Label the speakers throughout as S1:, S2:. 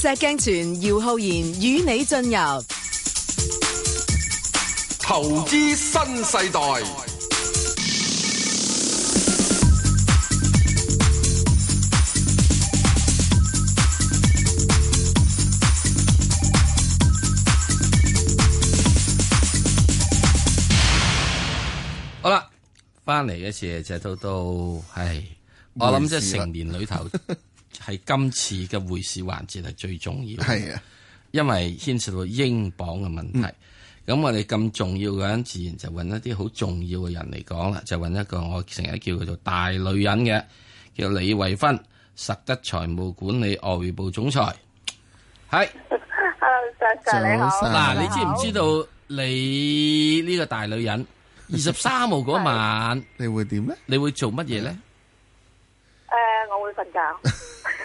S1: 石鏡泉，姚浩然與你進入
S2: 投資新世代。好啦，翻嚟嘅時就到係，我諗即係成年裏頭事。 係今次嘅匯市環節係最重要的，係啊，因為牽涉到英鎊嘅問題。咁、嗯、我哋咁重要嘅人，自然就揾一啲好重要嘅人嚟講啦，就揾一個我成日叫佢做大女人嘅，叫李慧芬，實德財富管理外匯部總裁。係，
S1: 你好，嗱，
S2: 你知唔知道你呢個大女人二十三號嗰晚的你會點咧？你會做乜嘢咧？誒
S1: ，uh, 我會瞓覺。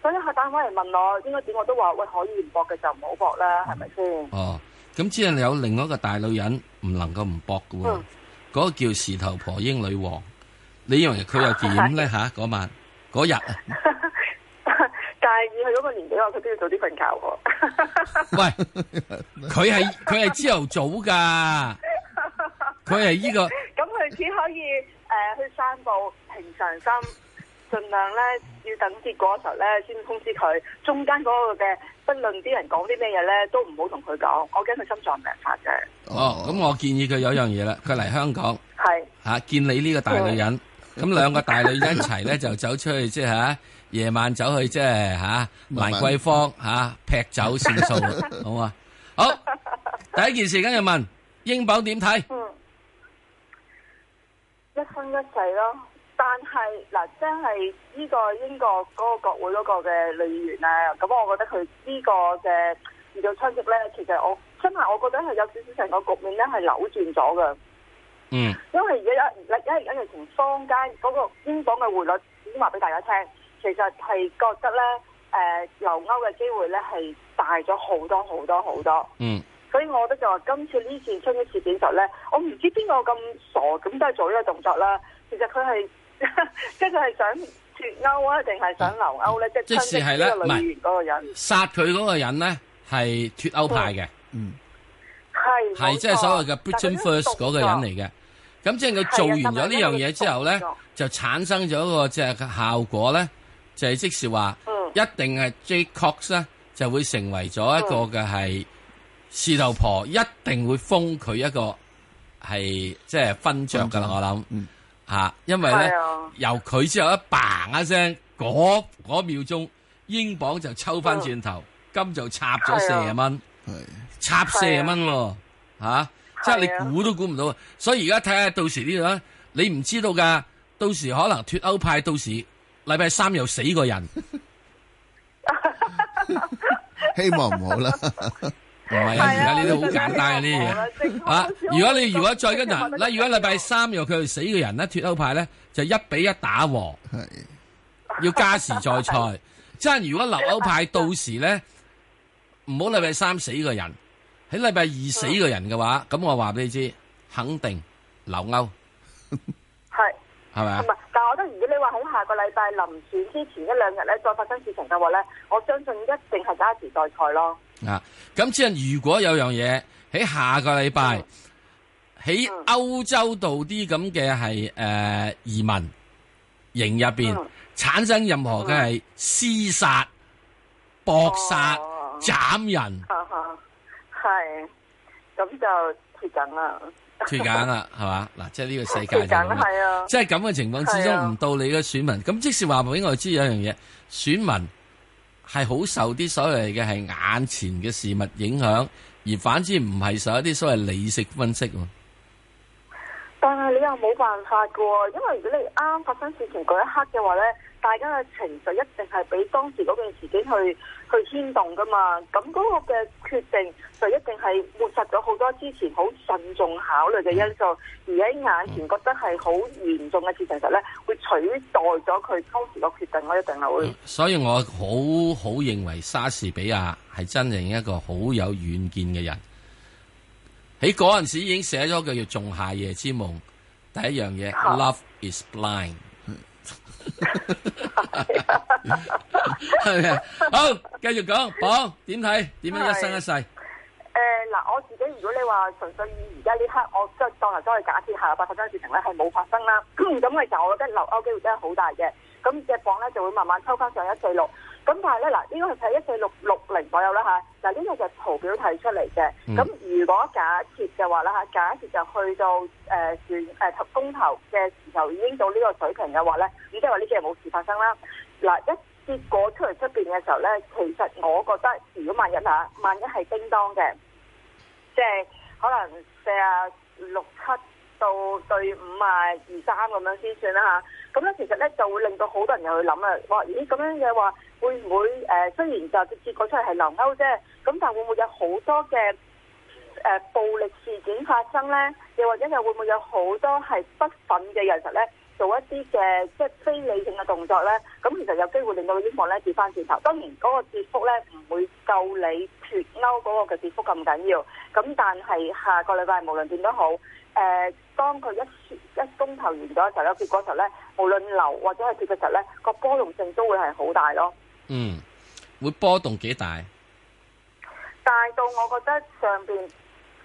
S1: 所以佢打翻嚟問我應該點？我都話，喂，
S2: 可以唔搏嘅就唔好搏啦，係咪先？哦，咁只係你有另外一個大女人唔能夠唔搏嘅喎，嗰、嗯、個叫事頭婆英女王。你認為佢又點咧吓？嗰晚嗰日啊，但係以佢
S1: 嗰個年紀話，佢都要早啲瞓覺，啊。
S2: 喂，佢係佢係朝頭早噶，佢係呢個。
S1: 咁佢、欸、只可以誒、呃、去散步，平常心。盡量咧要等結果嗰時咧先通知佢，中間嗰個嘅不論啲人講啲咩嘢咧，都唔好同佢講，我
S2: 驚佢心臟病發嘅。哦，咁我建議佢有一樣嘢啦，佢嚟香港係吓見你呢個大女人，咁兩個大女人一齊咧就走出去，即係吓夜晚走去即係吓蘭桂坊吓劈酒算數，好啊？好，第一件事梗係問英鎊點睇？嗯，一生
S1: 一世咯。但係嗱、啊，真係呢個英國嗰個國會嗰個嘅女議員啊，咁我覺得佢呢個嘅遇到衝擊咧，其實我真係我覺得係有少少成個局面咧係扭轉咗嘅。嗯，因。因為而家一而家而家從坊間嗰個英鎊嘅匯率已經話俾大家聽，其實係覺得咧，誒、呃、留歐嘅機會咧係大咗好多好多好多。嗯。所以，我覺得就話今次，這次這呢次衝擊事件時候咧，我唔知邊個咁傻咁都係做呢個動作啦。其實佢係。即係 佢係想脫歐啊，定係想留歐咧、啊？嗯、即係即係
S2: 殺佢嗰個人咧，係脫歐派嘅。嗯，
S1: 係係即係所謂
S2: 嘅 Britain First 嗰個人嚟嘅。咁即係佢做完咗呢樣嘢之後咧，就產生咗一個即係效果咧，就係、是、即時話，一定係 Jo Cox 咧就會成為咗一個嘅係士頭婆，嗯、一定會封佢一個係即係勳章噶啦，我諗。嗯嗯吓、啊，因為咧、啊、由佢之後一嘭一聲，嗰嗰秒鐘英鎊就抽翻轉頭，哦、金就插咗四十蚊，啊、插四十蚊喎，吓，即係你估都估唔到，所以而家睇下到時呢、這個，你唔知道噶，到時可能脫歐派到時禮拜三又死個人， 希望唔不好啦。 唔係啊，而家呢啲好簡單嘅啲嘢。如果你如果再跟嗱，嗱如果禮拜三又佢死個人咧，脫歐派咧就一比一打和，係要加時再賽。即係如果留歐派到時咧，唔好禮拜三死個人，喺禮拜二死個人嘅話，咁我話俾你知，肯定留歐。係係咪啊？但係我覺得，如果你話喺下個禮拜臨選之前一兩日咧，再發生事情嘅話
S1: 咧，我相信一定係加時再賽咯。
S2: 嗱，咁即係如果有樣嘢喺下個禮拜喺歐洲度啲咁嘅係誒移民營入邊產生任何嘅係廝殺、搏殺、
S1: 斬人，係咁、哦啊啊、就脫緊啦，脫緊
S2: 啦，係嘛？嗱， 即係呢個世界就樣，脫緊係啊，即係咁嘅情況始終唔到你嘅選民。咁、啊、即使話俾我知有一樣嘢，選民。係好受啲所謂嘅係眼前嘅事物影響，而反之唔係受一啲所謂理性分析。
S1: 但係你又冇辦法噶，因為如果你啱發生事情嗰一刻嘅話呢，大家嘅情緒一定係俾當時嗰件事件去去牽動噶嘛？咁嗰個嘅決定就一定係抹殺咗好多之前好慎重考慮嘅因素，而喺眼前覺得係好嚴重嘅事情，實咧會取代咗佢當時個決定。我一定係會、嗯。
S2: 所以我好好認為莎士比亞係真正一個好有遠見嘅人。喺嗰陣時已經寫咗句叫做《仲夏夜之夢》，第一樣嘢、啊、Love is blind。係好，繼續講鎊點睇？點樣一生一世？
S1: 誒，嗱、呃，我自己如果你話純粹以而家呢刻，我即係當嚟都去假設，下日八百事情咧係冇發生啦，咁嘅時候，我覺得留歐機會真係好大嘅，咁隻鎊咧就會慢慢抽返上一四六。咁但係咧，嗱，呢個係睇一四六六零左右啦吓，嗱，呢個就係圖表睇出嚟嘅。咁、嗯、如果假設嘅話啦，假設就去到誒頭、呃、公頭嘅時候已經到呢個水平嘅話咧，即係話呢幾日冇事發生啦。嗱，一結果出嚟出邊嘅時候咧，其實我覺得如果萬一嚇，萬一係叮當嘅，即係可能四啊六七到對五啊二三咁樣先算啦吓。咁咧，其實咧就會令到好多人又去諗啦，哇，這話咦咁樣嘅話會唔會誒？雖然就個結果出嚟係留歐啫，咁但會唔會有好多嘅誒暴力事件發生咧？又或者又會唔會有好多係不憤嘅人其實咧做一啲嘅即係非理性嘅動作咧？咁其實有機會令到個英鎊咧跌翻轉頭。當然嗰個跌幅咧唔會夠你脱歐嗰個嘅跌幅咁緊要。咁但係下個禮拜無論點都好。誒、呃，當佢一一公投完咗嘅時候咧，結果嗰時候咧，無論留或者係跌嘅時候咧，個波動性都會係好大咯。嗯，
S2: 會波動幾大？
S1: 大到我覺得上邊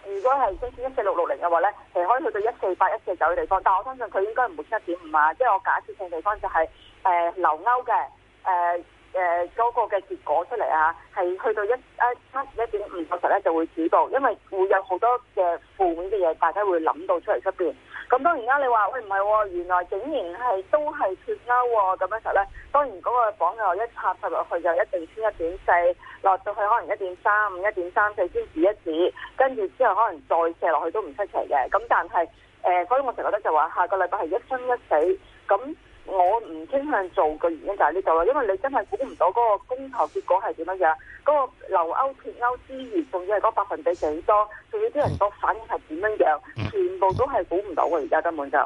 S1: 如果係升至一四六六零嘅話咧，其實可以去到一四八一四九嘅地方，但我相信佢應該唔會七點五啊，即係我假設性地方就係誒留歐嘅誒。呃誒嗰、呃那個嘅結果出嚟啊，係去到一一差時一點五嗰時咧就會止步，因為會有好多嘅負面嘅嘢，大家會諗到出嚟出邊。咁當然啦，你話喂唔係喎，原來竟然係都係脫歐喎，咁時候咧，當然嗰個鎊又一插塞落去就一定穿一點四，落到去可能 1. 3, 1. 3, 指一點三五、一點三四先止一止，跟住之後可能再射落去都唔出奇嘅。咁但係誒，所以我成日咧就話下個禮拜係一生一死咁。我唔傾向做嘅原因就係呢度啦，因為你真係估唔到嗰個公投結果係點樣樣，嗰、嗰個留歐脫
S2: 歐之餘，仲要係嗰百分比幾多，仲要啲人個反應係點樣樣，全部都係估唔到嘅。而家根本就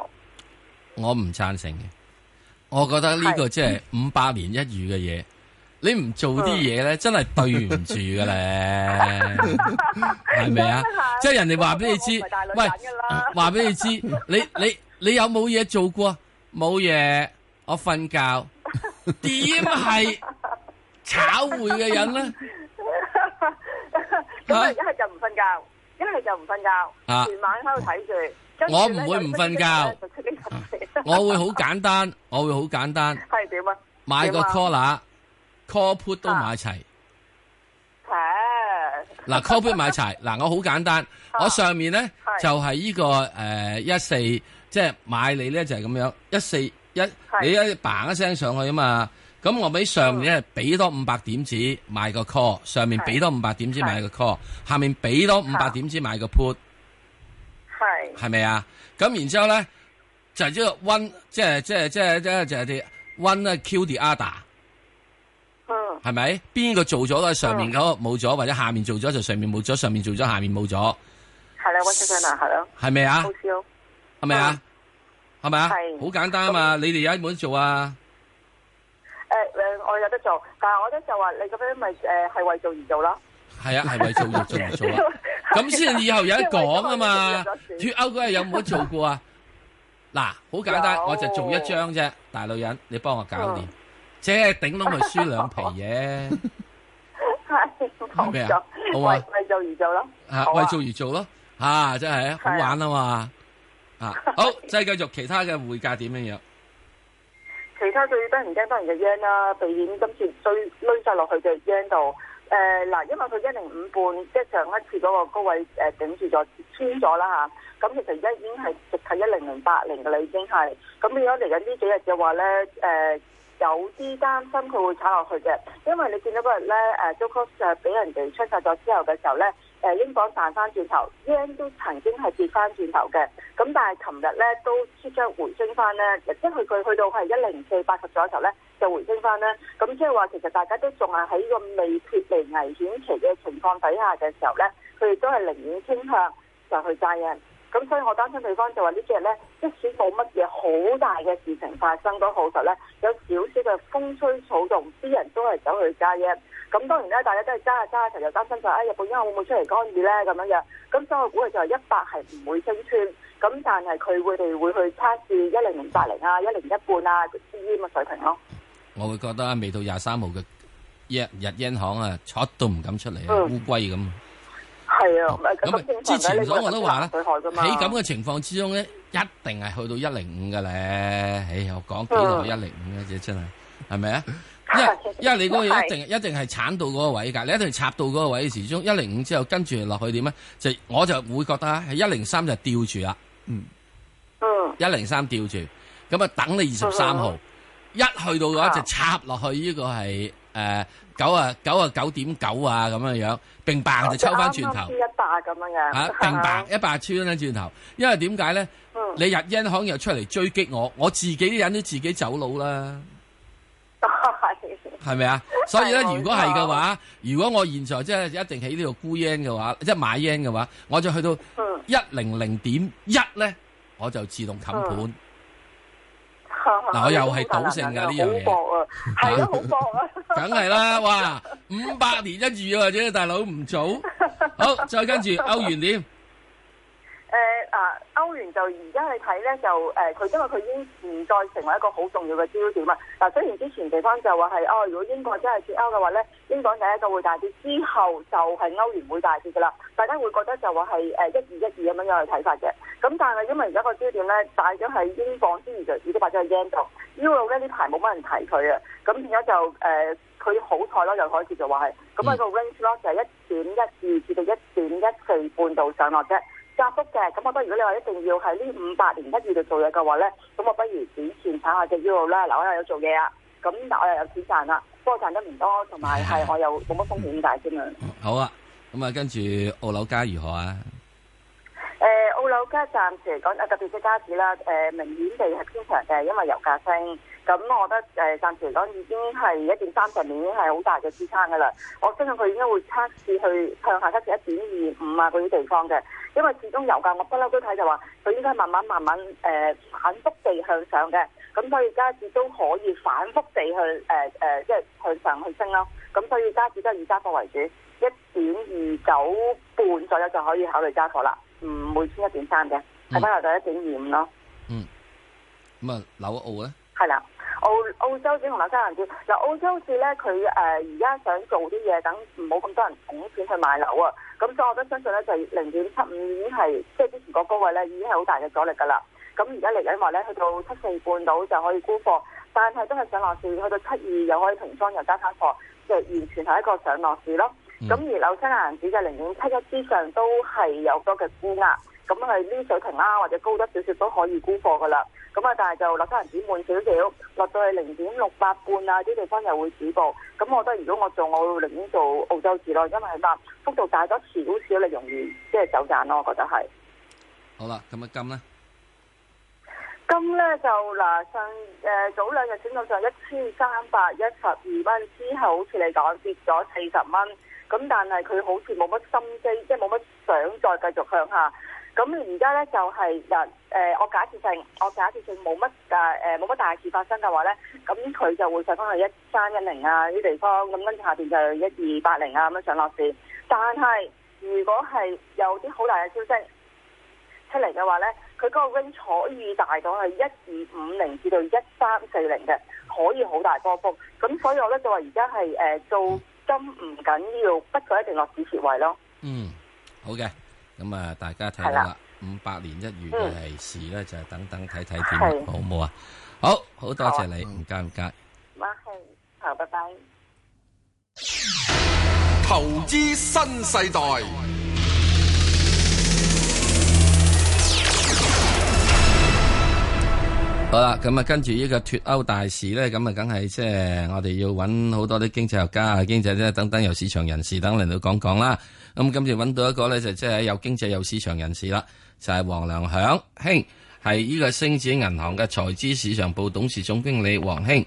S2: 我唔贊成嘅，我覺得呢個即係五百年一遇嘅嘢，你唔做啲嘢咧，真係對唔住㗎咧，係咪啊？即係人哋話俾你知，喂，話俾你知，你你你有冇嘢做過？冇嘢，我瞓覺。點係炒匯嘅人咧？咁一係就唔瞓覺，一係就唔
S1: 瞓覺。啊，全晚喺度睇住。我唔會唔瞓覺，
S2: 我會好簡單，我會好簡單。
S1: 係點啊？買個 call
S2: 啦 call put 都買齊。誒、啊，嗱 call put 買齊，嗱，我好簡單，啊、我上面咧是就係呢、這個誒一四。呃 1, 4, 即係買你咧就係、是、咁樣，一四一你一嘭一聲上去啊嘛，咁我俾上面咧俾、嗯、多五百點子買個 call，上面俾多五百點子是買個 call，下面俾多五百點子、啊、買個 put，係係咪啊？咁然之後咧就呢、是、個 one 即係即係即係即係就係、是、啲、就是就是就是、one 啊，one kill the other，嗯，係咪？邊個做咗啊？上面嗰個冇咗，或者下面做咗就是、上面冇咗，上面做咗下面冇咗，係啦、嗯，
S1: 溫先生啊，係咯，係咪啊？
S2: 係咪啊？係咪啊？好簡單啊嘛！你哋有冇得做啊？誒誒，我有得做，但係我
S1: 覺得就
S2: 話你咁樣咪誒係為做而做咯。係啊，係為做而做而做，咁先以後有得講啊嘛。脫歐嗰日有冇得做過啊？嗱，好簡單，我就做一張啫，大女人，你幫我搞掂，即係頂多佢輸兩皮嘢。
S1: 係。好嘅，好啊，為做而做咯，
S2: 啊，為做而做咯，吓真係好玩啊嘛。啊，好，再繼續其他嘅匯價點樣樣？
S1: 其他，其他最得人驚得人嘅 yen 啦，避險今次最追晒落去嘅 yen 度。誒，嗱，因為佢一零五半，即係上一次嗰個高位誒頂住咗，嗯、穿咗啦吓。咁、啊、其實而家已經係直係一零零八零嘅啦，已經係。咁變咗嚟緊呢幾日嘅話咧，誒、呃，有啲擔心佢會炒落去嘅，因為你見到嗰日咧，誒，Joko 俾人哋出晒咗之後嘅時候咧。誒，英鎊彈翻轉頭，yen 都曾經係跌翻轉頭嘅，咁但係琴日咧都即刻回升翻咧，即係佢去到係一零四八十左右頭咧就回升翻咧，咁即係話其實大家都仲係喺個未脫離危險期嘅情況底下嘅時候咧，佢哋都係寧願傾向就去債 yen 咁所以我擔心對方就話呢幾日咧，即使冇乜嘢好大嘅事情發生都好實，實咧有少少嘅風吹草動，啲人都係走去加一。咁當然咧，大家都係揸下揸下，成日擔心就誒、哎、日本央行會唔會出嚟干預咧咁樣樣。咁所以我估嘅就係一百係唔會升穿，咁但係佢會哋會去測試一零零八零啊，一零一半啊呢啲咁嘅水平咯、啊。
S2: 我會覺得未到廿三號嘅日日央行啊，坐都唔敢出嚟，嗯、烏龜咁。
S1: 係啊，咁啊好，麼之前所我都話啦，喺咁嘅
S2: 情況之中咧，一定係去到一零五嘅咧。哎我講幾耐一零五啫真係，係咪啊？因為因為你嗰樣一定是一定係鏟到嗰個位噶，你一定係插到嗰個位始終，一零五之後，跟住落去點啊？就我就會覺得啊，一零三就吊住啦，嗯，嗯，一零三吊住，咁啊等你二十三號嗯嗯一去到嘅話就插落去呢個係。誒，九啊九啊九點九啊咁樣樣，並棒就抽翻轉頭。剛
S1: 剛一百咁樣嘅。吓、啊，啊、並棒一
S2: 百抽返轉頭，因為點解咧？嗯、你入英行又出嚟追擊我，我自己啲人都自己走佬啦。係、哎。係咪啊？所以咧，很如果係嘅話，如果我現在即係一定喺呢度沽英嘅話，即、就、係、是、買英嘅話，我就去到
S1: 一
S2: 零零點一咧，我就自動冚盤。嗯嗯
S1: 嗱，我又係賭性㗎呢樣嘢，
S2: 係好薄啊，梗係啦，哇，五百年一遇啊，大佬唔早，好，再跟住歐 元點。
S1: 就而家去睇咧，就誒佢、呃、因為佢已經唔再成為一個好重要嘅焦點啦。嗱、啊，雖然之前地方就話係哦，如果英國真係脫歐嘅話咧，英鎊第一就會大跌，之後就係歐元會大跌嘅啦。大家會覺得就話係誒一二一二咁樣樣去睇法嘅。咁但係因為而家個焦點咧，大咗係英鎊之餘就已經發生係 yen 度。Euro 呢排冇乜人睇佢啊。咁變咗就誒佢好彩咯，又可以就話係咁啊個 range 咧就係一點一二至到一點一四半度上落啫。加息嘅，咁我覺得如果你話一定要喺呢五百年一遇度做嘢嘅話咧，咁我不如短線炒下隻歐羅啦，嗱我又有做嘢啊，咁嗱我又有錢賺啦，不過賺得唔多，同埋係我又冇乜風險大啫嘛、嗯嗯。
S2: 好啊，咁啊跟住澳樓街如何啊？
S1: 誒、呃，澳樓街暫時嚟講，誒特別嘅家子啦，誒、呃、明顯地係偏強嘅，因為油價升。咁，我覺得誒、呃、暫時嚟講已經係一點三十已經係好大嘅支撐噶啦。我相信佢應該會測試去向下測試一點二五啊嗰啲地方嘅，因為始終油價，我不嬲都睇就話佢應該慢慢慢慢誒、呃、反覆地向上嘅。咁所以加市都可以反覆地去誒誒、呃呃，即係向上去升咯。咁所以加市都係以加貨為主，一點二九半左右就可以考慮加貨啦。唔會千一點三嘅，睇翻嚟就一點二五咯。嗯。
S2: 咁啊，紐澳咧？
S1: 係啦，澳澳洲市同紐西蘭市，嗱澳洲市咧佢誒而家想做啲嘢，等唔好咁多人湧錢去買樓啊，咁所以我都相信咧就零點七五已經係即係之前個高位咧已經係好大嘅阻力噶啦，咁而家嚟緊話咧去到七四半到就可以沽貨，但係今日上落市去到七二又可以平倉又加翻貨，就係完全係一個上落市咯，咁、嗯、而紐西蘭市嘅零點七一之上都係有好多嘅沽壓。咁係呢水平啦，或者高得少少都可以沽貨噶啦。咁啊，但係就落三人只點半少少，落到去零點六八半啊啲地方又會止步。咁我覺得，如果我做，我寧願做澳洲字咯，因為幅度大咗少少，你容易即係、就是、走賺囉。咯。我覺得係。
S2: 好啦，咁啊金咧？
S1: 金咧就嗱上、呃、早兩日整到上一千三百一十二蚊，之後好似你講跌咗四十蚊。咁但係佢好似冇乜心機，即係冇乜想再繼續向下。咁而家咧就係、是，誒、呃，我假設性，我假設性冇乜誒，冇乜大事發生嘅話咧，咁佢就會上翻去一三一零啊啲地方，咁跟住下邊就一二八零啊咁樣上落市。但係如果係有啲好大嘅消息出嚟嘅話咧，佢嗰個 range 可以大到係一二五零至到一三四零嘅，可以好大波幅。咁所以我咧就話而家係誒做金唔緊要，不過一定落止蝕位咯。嗯，
S2: 好嘅。咁啊，大家睇到啦，五百的年一遇嘅事咧，是的就係等等睇睇點好冇啊！好，好多謝你，唔該唔該，唔客氣，
S1: 好，拜拜。
S2: 投資新世代，好啦，咁啊，跟住呢個脫歐大事咧，咁啊，梗係即係我哋要揾好多啲經濟學家、經濟者等等，由市場人士等嚟到講講啦。咁今次揾到一個咧，就即係有經濟有市場人士啦，就係、是、王良享兄，係呢個星展銀行嘅財資市場部董事總經理王兄、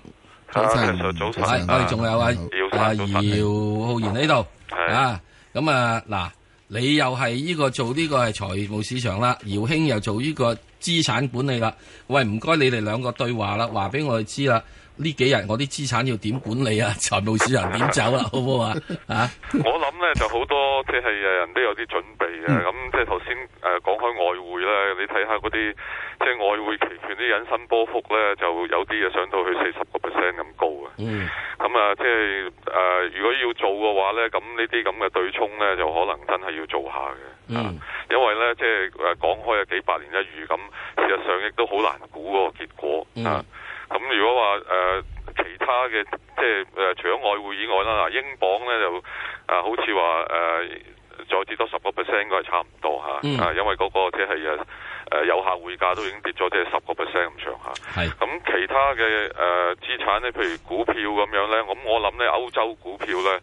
S2: 啊、早係我哋仲有啊晨啊姚浩然喺度啊，咁啊嗱的、啊啊，你又係呢個做呢個係財務市場啦，姚兄又做呢個資產管理啦，喂，唔該你哋兩個對話啦，話俾我哋知啦。呢幾日我啲資產要點管理啊？財務市人點走啦，啊？ 好唔好啊？啊 ！
S3: 我諗呢就好多，即係人都有啲準備嘅，啊。咁，嗯，即係頭先誒講開外匯呢，你睇下嗰啲即係外匯期權啲引伸波幅呢，就有啲嘢上到去四十個 percent 咁高嘅。嗯。咁啊，即係誒，呃，如果要做嘅話呢，咁呢啲咁嘅對沖呢，就可能真係要做下嘅。嗯，啊。因為呢，即係，啊、講開啊，幾百年一遇，咁事實上亦都好難估嗰個結果。嗯。啊咁如果話誒、呃、其他嘅即係誒除咗外匯以外啦，啊英鎊咧就啊、呃、好似話誒再跌多十個 percent 應該係差唔多吓，啊、嗯、因為嗰個即係誒有客匯價都已經跌咗即係十個 percent 咁上下。係、就、咁、是、是其他嘅誒、呃、資產咧，譬如股票咁樣咧，咁我諗咧歐洲股票咧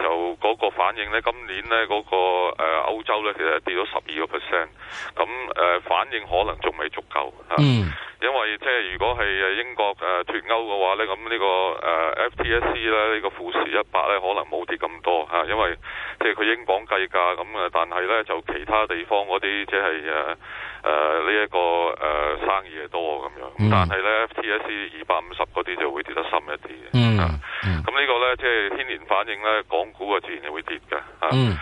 S3: 就嗰個反應咧，今年咧嗰個誒歐洲咧其實跌咗十二個 percent，咁誒反應可能仲未足夠吓。啊嗯。即係如果係英國誒脱歐嘅話咧，咁呢、這個誒、啊、FTSE 咧呢個富時一百咧可能冇跌咁多嚇、啊，因為即係佢英鎊計價咁啊，但係咧就其他地方嗰啲即係誒誒呢一個誒、啊、生意嘅多咁樣，但係咧、mm. FTSE 二百五十嗰啲就會跌得深一啲嘅。嗯、mm. 啊，咁呢個咧即係天然反應咧，港股啊自然就會跌嘅。嗯、啊。Mm.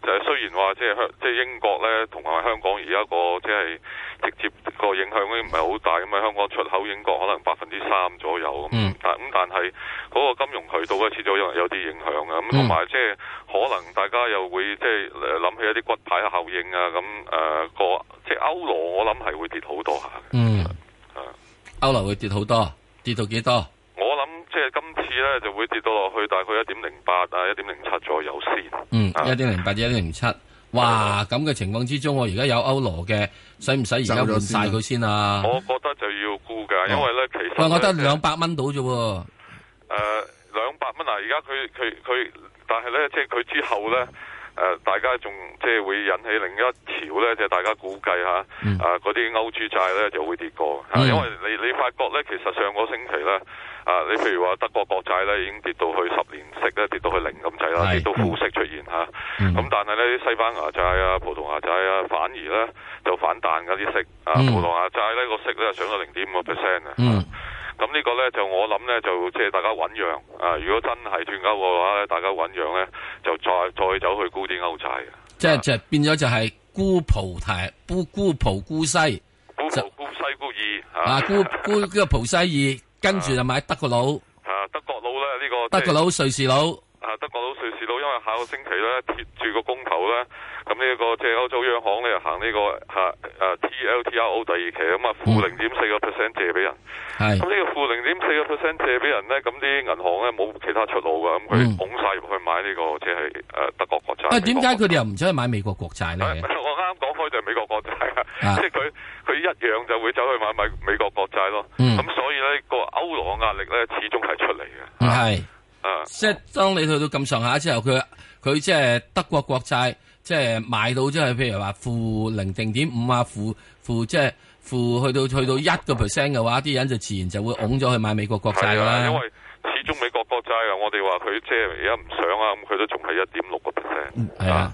S3: 即係雖然話，即係香，即係英國咧，同埋香港而家個即係直接個影響咧，唔係好大咁啊。香港出口英國可能百分之三左右，嗯、但咁但係嗰個金融渠道咧，始終有有啲影響嘅。咁同埋即係可能大家又會即係諗起一啲骨牌效應啊。咁、呃、誒，個即係歐羅，我諗係會跌好多下。嗯，
S2: 啊是，歐羅會跌好多，跌到幾多？
S3: 就會跌到落去大概一點零八啊，一點零七左右先。嗯，
S2: 一點零八，至一點零七。哇，咁嘅羅情況之中，我而家有歐羅嘅，使唔使而家換晒佢先啊？我
S3: 覺得就要沽㗎，嗯、因為咧，其實、哎、我得兩
S2: 百蚊到啫。誒，
S3: 兩百蚊啊！而家佢佢佢，但係咧，即係佢之後咧，誒、呃，大家仲即係會引起另一潮咧，即係大家估計吓，啊，嗰啲歐豬債咧就會跌過。嗯、因為你你發覺咧，其實上個星期咧。啊！你譬如話德國國債咧，已經跌到去十年息咧，跌到去零咁滯啦，跌到負息出現吓。咁、嗯啊、但係咧，西班牙債啊、葡萄牙債啊，反而咧就反彈嗰啲息。嗯、啊，葡萄牙債呢個息咧就上咗零點五個 percent 啊。咁、嗯啊、呢個咧就我諗咧就即係大家醞釀。啊，如果真係斷鈎嘅話咧，大家醞釀咧就再再走去高啲歐債。
S2: 即係即變咗就係沽葡泰沽沽葡沽西，
S3: 沽葡西沽意
S2: 啊，沽沽叫葡西意。 跟住就買德國佬，啊德國
S3: 佬咧呢、呢個，就係、德國佬瑞士佬，啊德國佬瑞士佬，因為下個星期咧貼住個公投咧，咁、呢、呢個借歐洲央行咧就行呢行、呢個吓誒、啊啊、T L T R O 第二期，咁啊負零點四個 percent 借俾人，咁呢、嗯、個負零點四個 percent 借俾人咧，咁啲銀行咧冇其他出路噶，咁佢捧晒入去買呢個即係誒德國國債。啊，點解佢哋
S2: 又唔想去買美國國債咧？啊
S3: 即係美國國債啊，即係佢佢一樣就會走去買買美國國債咯。咁、嗯、所以咧個歐羅壓力咧始終係出嚟
S2: 嘅。係、嗯，啊、即係當你去到咁上下之後，佢佢即係德國國債，即、就、係、是、買到即係譬如話負零零點五啊，負負即係負去到去到一個 percent 嘅話，啲人就自然就會拱咗去買美國國債啦、嗯啊。因為始終
S3: 美國國債啊，我哋話佢即係而家唔上啊，咁佢都仲係一點六個 percent。
S2: 係啊。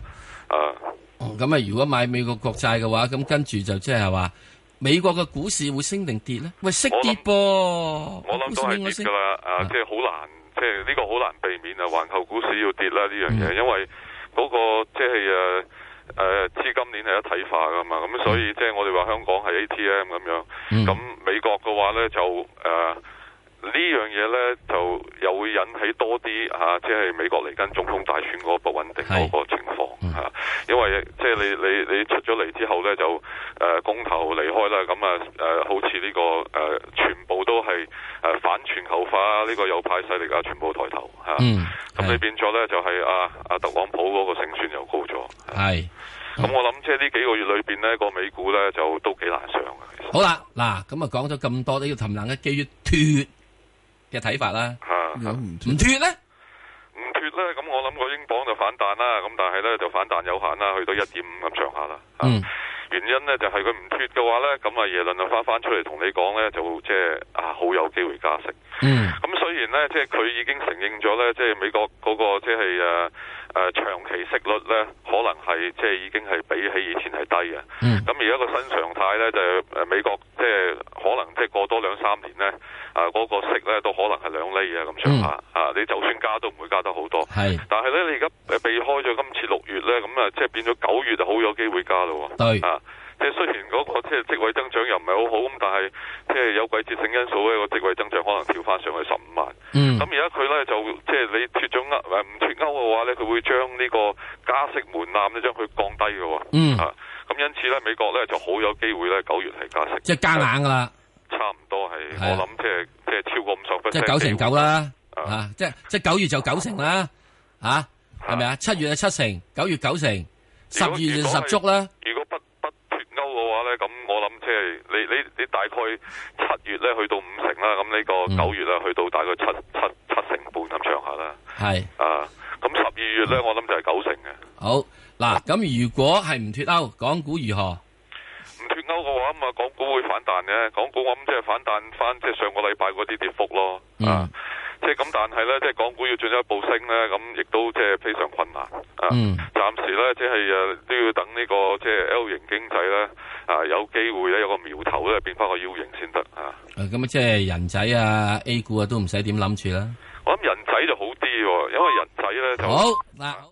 S2: 啊咁啊！嗯、如果買美國國債嘅話，咁跟住就即係話，美國嘅股市會升定跌咧？喂，識跌噃？我諗都係跌噶
S3: 啦！啊，即係好難，即係呢個好難避免啊！環球股市要跌啦呢樣嘢，嗯、因為嗰、嗰個即係誒誒資金鏈係一體化噶嘛，咁所以即係、嗯、我哋話香港係 A T M 咁樣，咁、嗯、美國嘅話咧就誒。呃樣呢樣嘢咧就又會引起多啲即係美國嚟緊總統大選嗰個不穩定嗰個情況，嗯啊、因為即係、就是、你你你出咗嚟之後咧就誒、呃、公投離開啦，咁啊、呃、好似呢、呢個誒、呃、全部都係誒反全球化呢、呢個右派勢力啊，全部抬頭嚇，咁、啊、你、嗯啊、變咗咧就係阿阿特朗普嗰個勝算又高咗，係，咁、啊、我諗即係呢幾個月裏面呢個美股咧就都幾難上嘅。
S2: 其實好啦，嗱咁啊講咗咁多呢要尋覓嘅。機於脱。
S3: 嘅睇法啦，吓，唔脱呢？唔脫呢？咁我諗個英鎊就反彈啦。咁但係呢就反彈有限啦，去到一點五咁上下啦。嗯，原因呢就係佢唔脫嘅話呢，咁啊耶倫就翻翻出嚟同你講呢，就即係、即係、啊好有機會加息。嗯，咁雖然呢，即係佢已經承認咗呢，即、就、係、係、美國嗰、嗰個即係誒。即係啊誒、呃、長期息率咧，可能係即係已經係比起以前係低嘅。咁、嗯、而家個新常態咧，就誒、是、美國即係可能即係過多兩三年咧，啊、呃、嗰、那個息咧都可能係兩厘嘅咁上下啊！你就算加都唔會加得好多。係，但係咧你而家避開咗今次六月咧，咁、嗯、啊即係變咗九月就好有機會加咯。對啊。即係雖然嗰、那個即係職位增長又唔係好好咁，但係即係有季節性因素咧，嗰個職位增長可能跳翻上去十五萬。咁而家佢咧就即係你脫咗歐唔脫歐嘅話咧，佢會將呢個加息門檻咧將佢降低嘅喎。咁、嗯啊、因此咧，美國咧就好有機會咧，九月係加息。即係加硬噶啦。差唔多係，啊、我諗即係即係超過五十分。即係九成九啦。啊，
S2: 即係即係九月就九成啦。啊，係咪啊？七月係七成，九月九成，十二月就十足啦。
S3: 咁我諗即係你你你，你大概七月咧，去到五成啦，咁呢個九月啊、嗯、去到大概七七七成半咁上下啦。係啊，咁十二月咧、嗯、我諗就係九成嘅。
S2: 好嗱，咁如果係唔脫歐，港股如何？
S3: 唔脫歐嘅話，咁啊港股會反彈嘅。港股我諗即係反彈返，即係上個禮拜嗰啲跌幅咯。啊、嗯。即係咁，但係咧，即係港股要進一步升咧，咁亦都即係非常困難啊！嗯、暫時咧，即係誒，都要等呢個即係 L 型經濟咧啊，有機會咧，有個苗頭咧，變翻個 U 型先得
S2: 啊！咁即係人仔啊，A 股啊，都唔使點諗住啦。
S3: 我諗人仔就好啲，因為人仔咧就、好。好嗱。